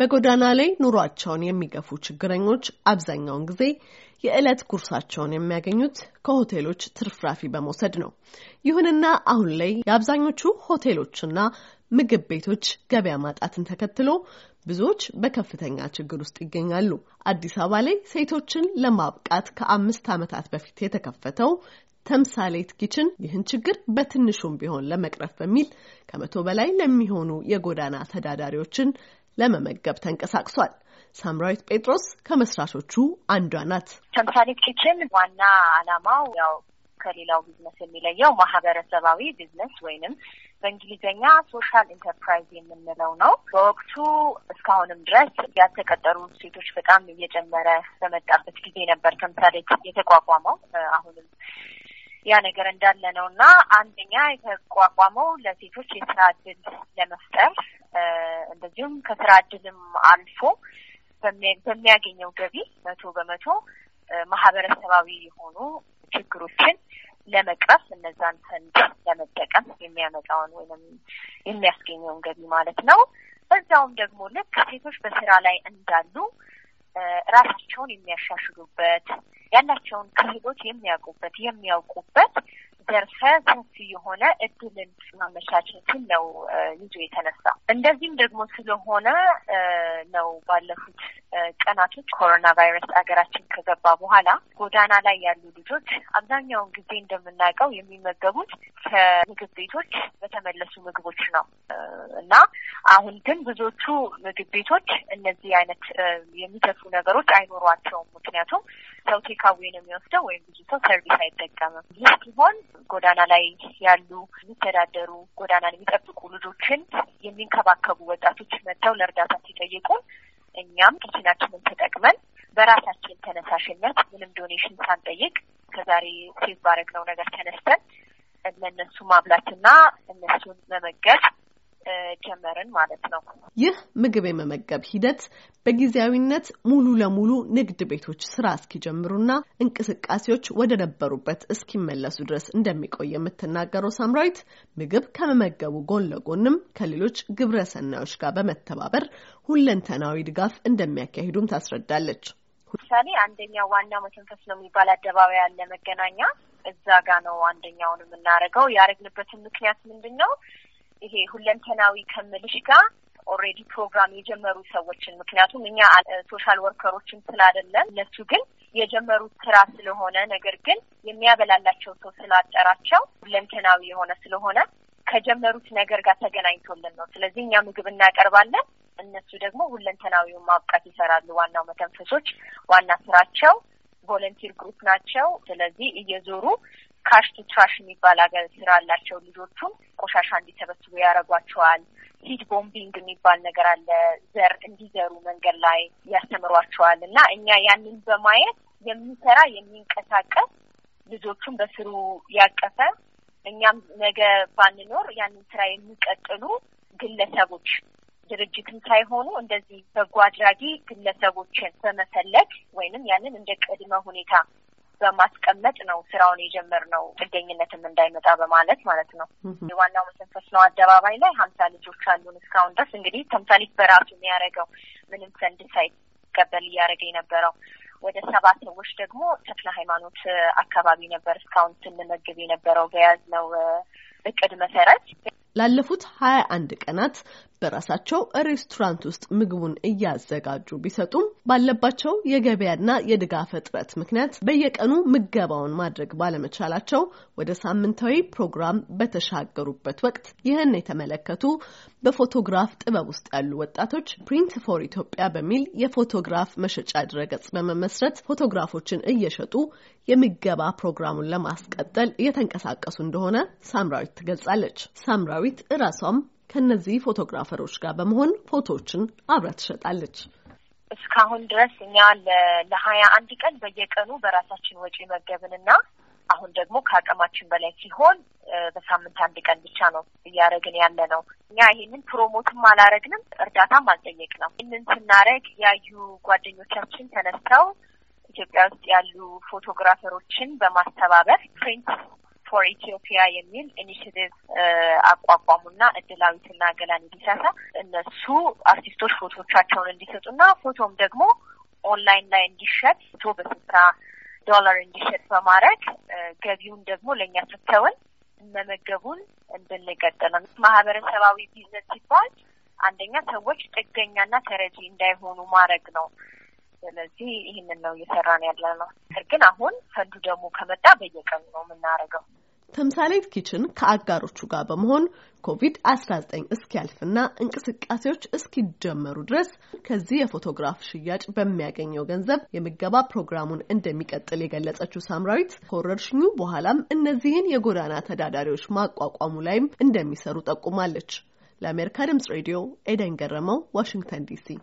በጎዳና ላይ ኑሯቸውን የሚገፉ ችግረኞች አብዛኛውን ጊዜ የዕለት ጉርሳቸውን የሚያገኙት ከሆቴሎች ትርፍራፊ በመውሰድ ነው። ይሁንና አሁን ላይ የአብዛኞቹ ሆቴሎችና ምግብ ቤቶች ገበያ ማጣትን ተከትሎ ብዙዎች በከፍተኛ ችግር ውስጥ ይገኛሉ። አዲስ አበባ ላይ ሴቶችን ለማብቃት ከአምስት ዓመታት በፊት የተከፈተው ተምሳሌት ኪችን ይህን ችግር በትንሹም ቢሆን ለመቅረፍ በሚል ከመቶ በላይ ለሚሆኑ የጎዳና ተዳዳሪዎችን ለመመገብ ተንቀሳቅሷል። ሳምራዊት ጴጥሮስ ከመስራቾቹ አንዷ ናት። ተምሳሌ ኪችን ዋና ዓላማው ያው ከሌላው ቢዝነስ የሚለየው ማህበረሰባዊ ቢዝነስ ወይንም በእንግሊዝኛ ሶሻል ኢንተርፕራይዝ የምንለው ነው። በወቅቱ እስካሁንም ድረስ ያልተቀጠሩ ሴቶች በጣም እየጨመረ በመጣበት ጊዜ ነበር ተምሳሌ የተቋቋመው አሁንም ያ ነገር እንዳለ ነው እና አንደኛ የተቋቋመው ለሴቶች የስራ እድል ለመፍጠር እንደዚሁም ከስራ እድልም አልፎ በሚያገኘው ገቢ መቶ በመቶ ማህበረሰባዊ የሆኑ ችግሮችን ለመቅረፍ እነዛን ፈንድ ለመጠቀም የሚያመጣውን ወይም የሚያስገኘውን ገቢ ማለት ነው። በዛውም ደግሞ ልክ ሴቶች በስራ ላይ እንዳሉ ራሳቸውን የሚያሻሽሉበት ያላቸውን ክህሎት የሚያውቁበት የሚያውቁበት ዘርፈ ሰፊ የሆነ እድልን ማመቻቸትን ነው ይዞ የተነሳው። እንደዚህም ደግሞ ስለሆነ ነው ባለፉት ቀናቶች ኮሮና ቫይረስ ሀገራችን ከገባ በኋላ ጎዳና ላይ ያሉ ልጆች አብዛኛውን ጊዜ እንደምናውቀው የሚመገቡት ከምግብ ቤቶች በተመለሱ ምግቦች ነው እና አሁን ግን ብዙዎቹ ምግብ ቤቶች እነዚህ አይነት የሚተፉ ነገሮች አይኖሯቸውም። ምክንያቱም ሰው ቴካዌ ነው የሚወስደው ወይም ብዙ ሰው ሰርቪስ አይጠቀምም። ይህ ሲሆን ጎዳና ላይ ያሉ የሚተዳደሩ ጎዳናን የሚጠብቁ ልጆችን የሚንከባከቡ ወጣቶች መጥተው ለእርዳታ ሲጠይቁን እኛም ኪችናችንን ተጠቅመን በራሳችን ተነሳሽነት ምንም ዶኔሽን ሳንጠይቅ ከዛሬ ሴቭ ባረግነው ነገር ተነስተን ለእነሱ ማብላትና እነሱን መመገብ ጀመርን ማለት ነው። ይህ ምግብ የመመገብ ሂደት በጊዜያዊነት ሙሉ ለሙሉ ንግድ ቤቶች ስራ እስኪጀምሩና እንቅስቃሴዎች ወደ ነበሩበት እስኪመለሱ ድረስ እንደሚቆይ የምትናገረው ሳምራዊት ምግብ ከመመገቡ ጎን ለጎንም ከሌሎች ግብረ ሰናዮች ጋር በመተባበር ሁለንተናዊ ድጋፍ እንደሚያካሂዱም ታስረዳለች። ምሳሌ አንደኛው ዋናው መተንፈስ ነው የሚባል አደባባይ ያለ መገናኛ እዛ ጋ ነው አንደኛውን የምናደርገው። ያደረግንበትን ምክንያት ምንድን ነው? ይሄ ሁለንተናዊ ከምልሽ ጋር ኦሬዲ ፕሮግራም የጀመሩ ሰዎችን ምክንያቱም እኛ ሶሻል ወርከሮችን ስላደለን እነሱ ግን የጀመሩት ስራ ስለሆነ ነገር ግን የሚያበላላቸው ሰው ስላጠራቸው ሁለንተናዊ የሆነ ስለሆነ ከጀመሩት ነገር ጋር ተገናኝቶልን ነው። ስለዚህ እኛ ምግብ እናቀርባለን፣ እነሱ ደግሞ ሁለንተናዊውን ማብቃት ይሰራሉ። ዋናው መተንፈሶች ዋና ስራቸው ቮለንቲር ግሩፕ ናቸው። ስለዚህ እየዞሩ ካሽ ቱ ትራሽ የሚባል ሀገር ስራ አላቸው። ልጆቹም ቆሻሻ እንዲሰበስቡ ያደርጓቸዋል። ሲድ ቦምቢንግ የሚባል ነገር አለ። ዘር እንዲዘሩ መንገድ ላይ ያስተምሯቸዋል። እና እኛ ያንን በማየት የሚሰራ የሚንቀሳቀስ ልጆቹን በስሩ ያቀፈ እኛም ነገ ባንኖር ያንን ስራ የሚቀጥሉ ግለሰቦች ድርጅትም ሳይሆኑ እንደዚህ በጎ አድራጊ ግለሰቦችን በመፈለግ ወይንም ያንን እንደ ቅድመ ሁኔታ በማስቀመጥ ነው ስራውን የጀመርነው ጥገኝነትም እንዳይመጣ በማለት ማለት ነው። የዋናው መሰንፈስ ነው አደባባይ ላይ ሀምሳ ልጆች አሉን እስካሁን ድረስ እንግዲህ ተምሳሌት በራሱ የሚያደርገው ምንም ፈንድ ሳይቀበል እያደረገ የነበረው ወደ ሰባት ሰዎች ደግሞ ተክለ ሃይማኖት አካባቢ ነበር እስካሁን ስንመግብ የነበረው በያዝነው እቅድ መሰረት ላለፉት 21 ቀናት በራሳቸው ሬስቶራንት ውስጥ ምግቡን እያዘጋጁ ቢሰጡም ባለባቸው የገበያና የድጋፍ እጥረት ምክንያት በየቀኑ ምገባውን ማድረግ ባለመቻላቸው ወደ ሳምንታዊ ፕሮግራም በተሻገሩበት ወቅት ይህን የተመለከቱ በፎቶግራፍ ጥበብ ውስጥ ያሉ ወጣቶች ፕሪንት ፎር ኢትዮጵያ በሚል የፎቶግራፍ መሸጫ ድረገጽ በመመስረት ፎቶግራፎችን እየሸጡ የምገባ ፕሮግራሙን ለማስቀጠል እየተንቀሳቀሱ እንደሆነ ሳምራዊት ትገልጻለች። ሳምራዊ ዳዊት እራሷም ከነዚህ ፎቶግራፈሮች ጋር በመሆን ፎቶዎችን አብራ ትሸጣለች። እስካሁን ድረስ እኛ ለሀያ አንድ ቀን በየቀኑ በራሳችን ወጪ መገብንና አሁን ደግሞ ከአቅማችን በላይ ሲሆን በሳምንት አንድ ቀን ብቻ ነው እያደረግን ያለ ነው። እኛ ይህንን ፕሮሞትም አላረግንም፣ እርዳታም አልጠየቅ ነው። ይህንን ስናረግ ያዩ ጓደኞቻችን ተነስተው ኢትዮጵያ ውስጥ ያሉ ፎቶግራፈሮችን በማስተባበር ፕሪንት ፎር ኢትዮጵያ የሚል ኢኒሽቲቭ uh, አቋቋሙና እድላዊትና ገላን እንዲሳሳ እነሱ አርቲስቶች ፎቶቻቸውን እንዲሰጡና ፎቶም ደግሞ ኦንላይን ላይ እንዲሸጥ ፎቶ በስልሳ ዶላር እንዲሸጥ በማድረግ uh, ገቢውን ደግሞ ለእኛ ስተውን መመገቡን እንድንቀጥል ማህበረሰባዊ ቢዝነስ ሲባል አንደኛ ሰዎች ጥገኛና ተረጂ እንዳይሆኑ ማድረግ ነው። ስለዚህ ይህንን ነው እየሰራን ያለ ነው። ግን አሁን ፈንዱ ደግሞ ከመጣ በየቀኑ ነው የምናደርገው። ተምሳሌት ኪችን ከአጋሮቹ ጋር በመሆን ኮቪድ አስራ ዘጠኝ እስኪያልፍና እንቅስቃሴዎች እስኪጀመሩ ድረስ ከዚህ የፎቶግራፍ ሽያጭ በሚያገኘው ገንዘብ የምገባ ፕሮግራሙን እንደሚቀጥል የገለጸችው ሳምራዊት ከወረርሽኙ በኋላም እነዚህን የጎዳና ተዳዳሪዎች ማቋቋሙ ላይም እንደሚሰሩ ጠቁማለች። ለአሜሪካ ድምጽ ሬዲዮ ኤደን ገረመው፣ ዋሽንግተን ዲሲ